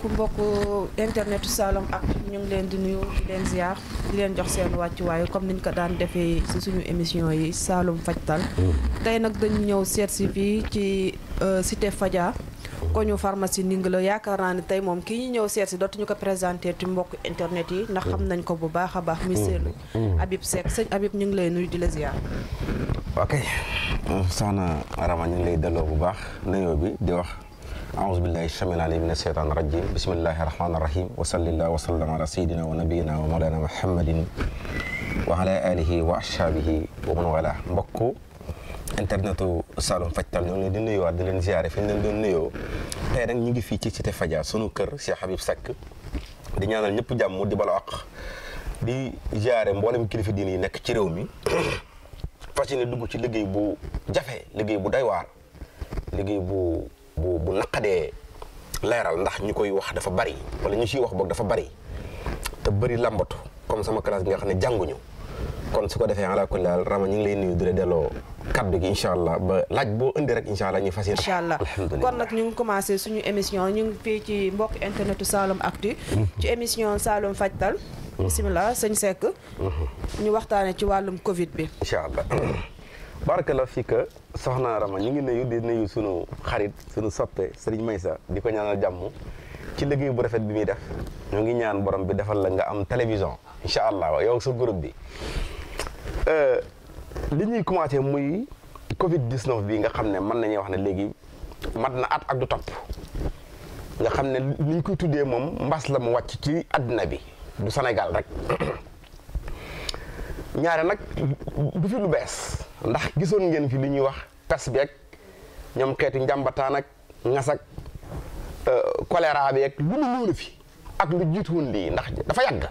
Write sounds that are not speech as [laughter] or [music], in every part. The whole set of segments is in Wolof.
donc mbokk internet Saloum ak ñu ngi leen di nuyu di leen ziar di leen jox seen wàccuwaay comme niñ ko daan defee si suñu émission yi Saloum Fajtal mm. tey nag dañu ñëw seet si fii ci euh, cité Fadia koñu pharmacie ning la yaakaar naa ne tey moom kii ñu ñëw seet si dootuñu ko présenter ci mbokk internet yi ndax xam nañ ko bu baax a baax muy seelu mm. mm. Habib Seck sëñ Habib ñu ngi lay nuyu di la ziar ok euh, soxna arama ñu ngi lay delloo bu baax nuyoo bi di wax أعوذ بالله الشمل عليه من الشيطان الرجيم بسم الله الرحمن الرحيم وصلى الله وسلم على سيدنا ونبينا ومولانا محمد وعلى آله وأصحابه ومن والاه مبكو انترنتو سالون فجتال نيو دي نيو واد لين زياره فين لين دون نيو تاي رك نيغي في تي تي فجا سونو كير شيخ حبيب سك دي نيانال نيب جام مودي بالا اخ دي زياره مبولم كليف ديني نيك تي ريومي فاشيني دوجو تي ليغي بو جافي ليغي بو دايوار ليغي بو bu bu naqadee leeral ndax ñu koy wax dafa bari wala ñu ciy wax boog dafa bari te bëri làmbatu comme sama classe bi nga xam ne jànguñu kon su ko defee ala kulli haal Rama ñu ngi lay nuyu di delloo kaddu gi incha allah ba laaj indi rek incha ñu fas yéene. incha allah kon nag ñu ngi commencé suñu émission ñu ngi fii ci mbokk internetu Saloum Actu. Mhm. ci émission Saloum Fajtal. Mhm. bisimilah sañ Seck. Mhm. ñu waxtaanee ci wàllum Covid bi. incha allah. barakallah fii que soxna Rama ñu ngi nuyu di nuyu sunu xarit sunu soppe may Maysa di ko ñaanal jàmm ci liggéey bu rafet bi muy def ñoo ngi ñaan borom bi defal la nga am télévision incha allah yow sa groupe bi. Euh, li ñuy commencé muy Covid 19 bi nga xam ne mën nañuy wax ne léegi mat na at ak du topp nga xam ne ni ñu koy tuddee moom mbas la mu wàcc ci addina bi du senegal rek [coughs] ñaare nag du fi lu bees. ndax gisoon ngeen fi lu ñuy wax pes beeg ñoom xeeti njàmbataan ak ngas ak euh, choléra beeg lu mu fi ak lu jiitu woon lii ndax dafa yàgg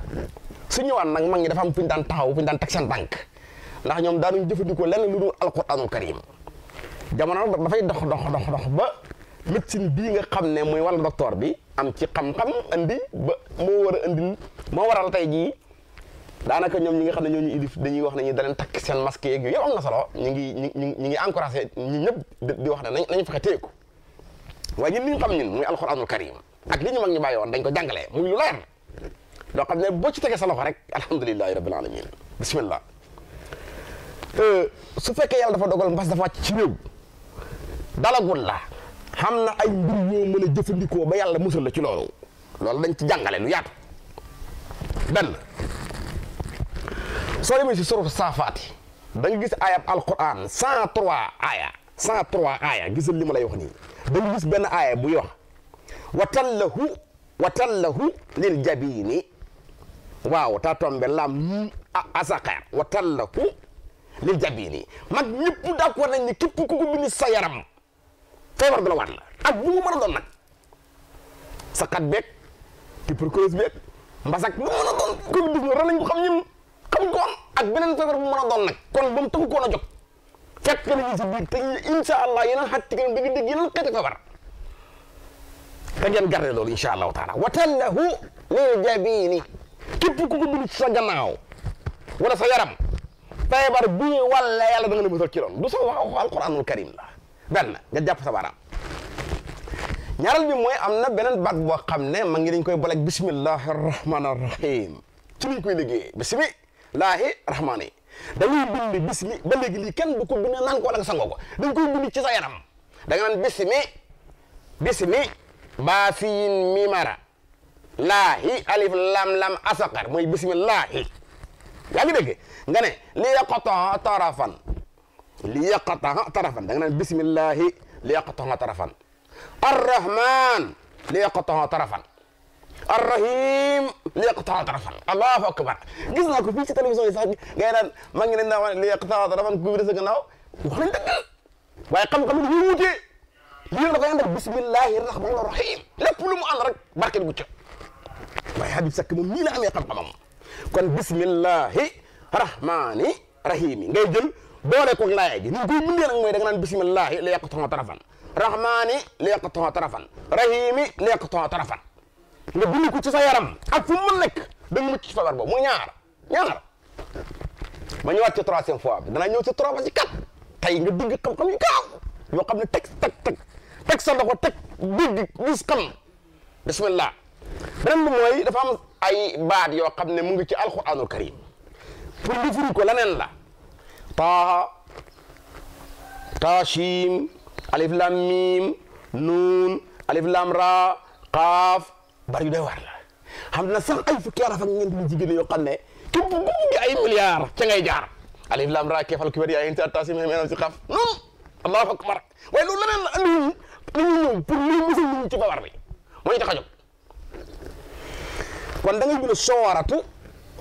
su ñëwaan nag mag ñi dafa am fu ñu daan taxaw fu ñu daan teg seen tànk ndax ñoom daanuñ jëfandikoo leneen lu dul alquraanul karim jamono nag dafay dox dox dox dox ba médecine bii nga xam ne muy wàllu docteur bi am ci xam-xam andi ba moo war a andi moo waral tey jii. daanaka ñoom ñi nga xam ne ñooñu ilif dañuy wax ne ñu daleen takk seen masque yeeg am na solo ñu ngi ñu ñu ngi encouragé ñu ñëpp di wax ne nañu fexe téye ko waaye ñun li ñu xam ñun muy alxuraanul karim ak li ñu mag ñu bàyyi woon dañ ko jàngalee mu lu leer loo xam ne boo ci tegee sa loxo rek alhamdulilahi rabbil alamin bismillah euh, su fekkee yàlla dafa dogal mbas dafa wàcc ci réew dalagul la xam na ay a jëfandikoo ba yàlla musal la ci loolu loolu dañ ci jàngale lu yaatu benn soo demee ci suratu saafaati da nga gis ayat alquran 103 aya 103 aya gis li ma lay wax ni da nga gis ben aya bu wax watallahu watallahu lil jabini waaw ta tombe lam asaqa watallahu lil jabini mag ñëpp d'accord nañ ni kep ku ko bindi sa yaram feebar bi la war ak bu mu mën a doon nag sa xat beeg tuberculose beeg mbasak bu mu mën a doon covid-19 rek lañ ko xam ñim xam ko ak beneen feebar bu mën a doon kon ba mu tënk koon a jóg na ñu si te allah yeneen xatti kanam dëgg dëgg yeneen xeeti feebar da ngeen garde loolu incha allahu taala watallahu lil jabini képp ku ko bind ci sa gannaaw wala sa yaram feebar bi wala yàlla da nga ne musal ci loolu du sa wax alquranul karim la benn nga jàpp sa baaraam ñaaral bi mooy am na beneen baat boo ma ngi dañ koy rahim ci koy bismi lahi rahmani. dañuy bind bismi ba léegi li kenn bu ko bind nan ko wala nga koy bind ci sa yaram da nga nan bismi bismi ba fiin mimara lahi alif lam lam asaqar mooy bismillaahi ya ngi dégg nga ne li yaqataa tarafan li yaqataa tarafan da nga nan bismillah li yaqataa tarafan rahman li yaqataa tarafan الرحيم ليقطع طرفا الله اكبر قسنا كو في تلفزيون يسحق غير ما غنينا ليقطع طرفا كو بيرس غناو وخلين دغل واي قم قم يوتي لي نكو عندك بسم الله الرحمن الرحيم لا بلو مو ان رك بارك الوجه واي حبيب سك مو مي لا امي قم قم كون بسم الله الرحمن الرحيم غاي جيل بولé كو لاي دي ni ko mundé nak moy da nga nan bismillah liyaqtahu tarafan rahmani liyaqtahu tarafan rahimi liyaqtahu tarafan nga dund ko ci sa yaram ak fu mu nekk ci feebar boobu mu ñaar ñaar ma ñëwaat ci troisième fois bi danaa ñëw ci trois ba ci quatre tey nga dégg xam-xam yu gaaw yoo xam ne teg teg teg teg sa loxo teg dégg gis xam bismillah beneen bi mooy dafa am ay baat yoo xam ne mu ngi ci alquranul karim pour ñu firi ko leneen la taaha taashim alif lam mim nuun alif lam ra bari day war la xamna sax ay fukki araf ak ñeent lu jigéen yoo xam ne bu ngi ay milliard ca ngay jaar alif lam ra keefal ku wér yaa inti attasi mi menam si xaf non allahu akbar way lu lenen la andi ñu ñew pour ñu mësu ñu ci bawar bi moy tax xajuk kon da ngay bind sowaratu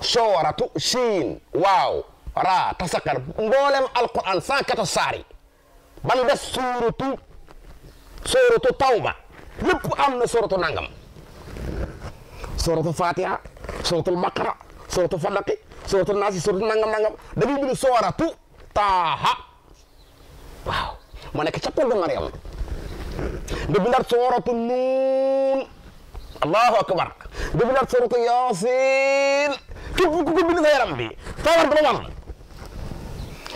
sowaratu siin wow ra tasakar mbolem alquran 114 sari yi ban des suratu suuratu tawba lépp am na nangam suratul fatiha makara baqarah suratul falaki suratul nasi suratul nangam nangam dafay suara tu taha Wow, mana nekk ca Maryam mariam da bindaat suratu nun allahu akbar yasin kubu kubu ko bind sa yaram bi feebar du la wal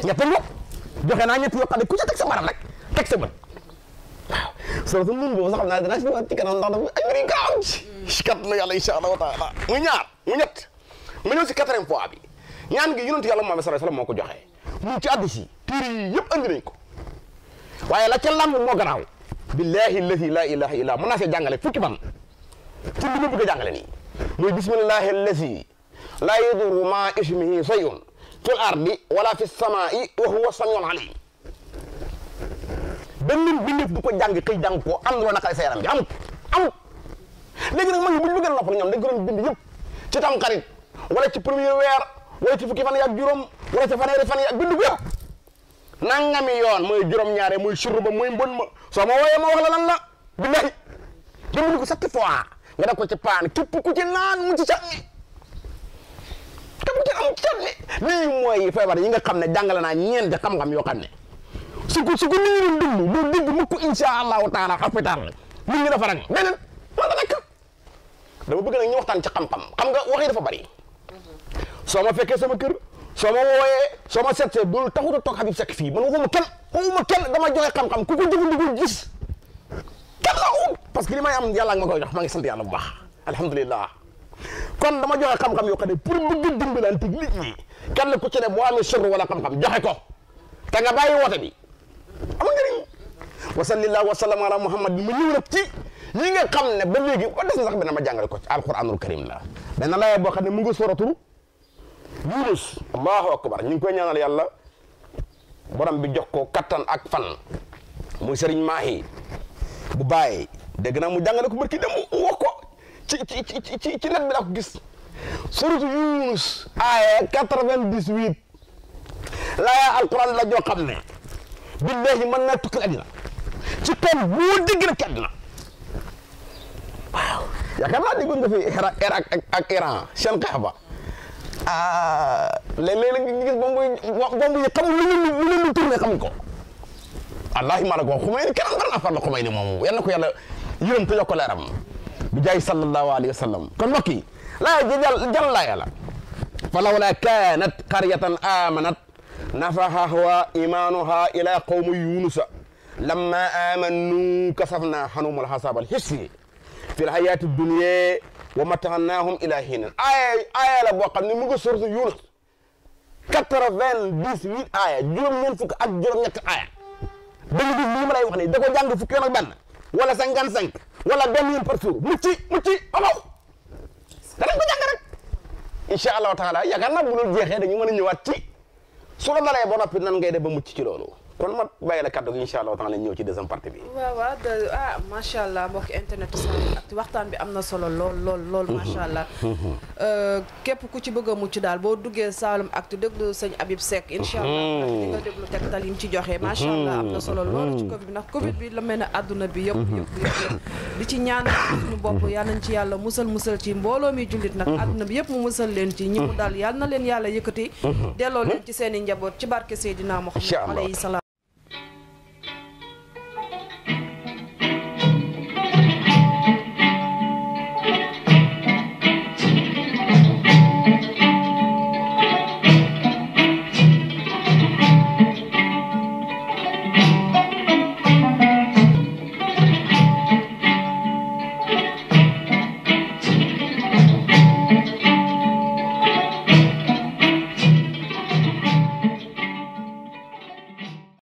ñett nga joxe naa ñett yoo ku waaw suratul mun boobu sax xam naa danaa si ñëwaat ci kanam ndax dafa ay mbir yu gaaw ci si kàttanu yàlla incha allah wa taala mu ñaar mu ñett mu ñëw si quatrième fois bi ñaan gi yonentu yàlla Muhammad sallallahu alayhi wasallam moo ko joxee mu ci àddis yi tuur yi yëpp andi nañ ko waaye la ca làmb moo garaaw billahi allazi la ilaha illa mën naa see jàngale fukki fan ci li ma bëgg a jàngale nii mooy bismillahi allazi la yadurru ma ismihi shay'un fil ardi wala fis samaa'i wa huwa samiul alim benn bindéef du ko jàng xëy jàng ko am loo naqari sa yaram bi amut amut léegi nag mag ñi bu ñu bëggee noppal ñoom dañ ko doon bind yëpp ci tam xarit wala ci premier weer wala ci fukki fan ak juróom wala ci fanweeri fan ak bind ko yëpp nangami yoon mooy juróom-ñaare muy surru ba muy mbon ma soo ma wooyee ma wax la lan la billahi jëmbind ko sept fois nga def ko ci paan képp ku ci naan mu ci sànni képp ku ci am ci sànni lii mooy yi nga xam ne jàngale naa ñeent xam-xam yoo xam ne su ko su ko nit ñi doon dund doo dégg mukk insha allahu taala hôpital nit ñi dafa rang beneen man la nekk dama bëgg nag ñu waxtaan ci xam-xam xam nga wax yi dafa bari soo ma fekkee sama kër soo ma wooyee soo ma seetsee bul taxut a toog Habib Seck fii man waxuma kenn waxuma kenn dama joxe xam-xam ku ko jëfandikoo gis kenn la ut parce que li may am yàlla nga ma koy jox maa ngi sant yàlla bu baax alhamdulilah kon dama joxe xam-xam yoo xam ne pour bëgg dimbalante nit ñi kenn ku ci ne boo amee sirru wala xam-xam joxe ko te nga bàyyi woote bi wa sallallahu wa sallam ala muhammad ma ñëw nag ci ñi nga xamne ba legi ko def sax benn ma jàngal ko ci alquranul karim la benn laaya bo xamne mu ngi suratul yunus allahu akbar ñi ko ñaanal yalla borom bi jox ko katan ak fan muy serigne mahi bu baye dégg na mu jangale ko barki dem wo ko ci ci ci ci ci nak bi la ko gis suratul yunus aya 98 vingt dix alquran la jo xamne ne billahi mën naa tukkal ci tool boo dégg rek àddina waaw yaakaar fi Iran seen xeex ba ah léeg yi xamul lu ñu lu ñu tourné ko wallaahi ko wax xumay ni kenn bar naa farla xumay ni moom yal ko yàlla bi jaay sallallahu alayhi wa sallam kon mbokk yi laa jal laa yàlla fa lawla kaanat qaryatan amanat nafahaha ila qawmi yunusa لما آمنوا كسفنا حنوم الحساب الحسي في الحياة الدنيا ومتعناهم إلى هنا آية آية لبقى نمو سورة يونس كتر فين ديس ويت آية جوم من فك أجر نك آية بني دي ملا يوحني دكو جانج فكيرك بان ولا سنكان سنك ولا بني يمبرسور مكي مكي أمو تلك بجانج رك إن شاء الله تعالى يا كنا بلو جيخي دي مني نيواتي سورة ملا يبونا بنا نغيري بمكي كيلولو kon ma bàyyi la kàddu gi incha allah taala ñëw ci deuxième partie bi. waaw a ah allah mbokk internet ak waxtaan bi am na solo lool lool lool. macha mm-hmm. allah. Mm-hmm. Euh, képp ku ci bëgg a mucc daal boo duggee Saloum Actu déglu sëñ abib Seck. incha allah di mm-hmm. nga déglu tegtal yi mu ci joxe. macha allah am na solo lool ci Covid bi ndax Covid bi la mel ne àdduna bi yëpp yëpp yëpp ci ñaan suñu bopp yal nañ ci yàlla musal musal ci mbooloo mi jullit nag. àdduna bi yëpp mu musal leen ci ñi daal yal na leen yàlla yëkkati. delloo leen seen i njaboot ci barke Seydina Muhammad alayhi salaam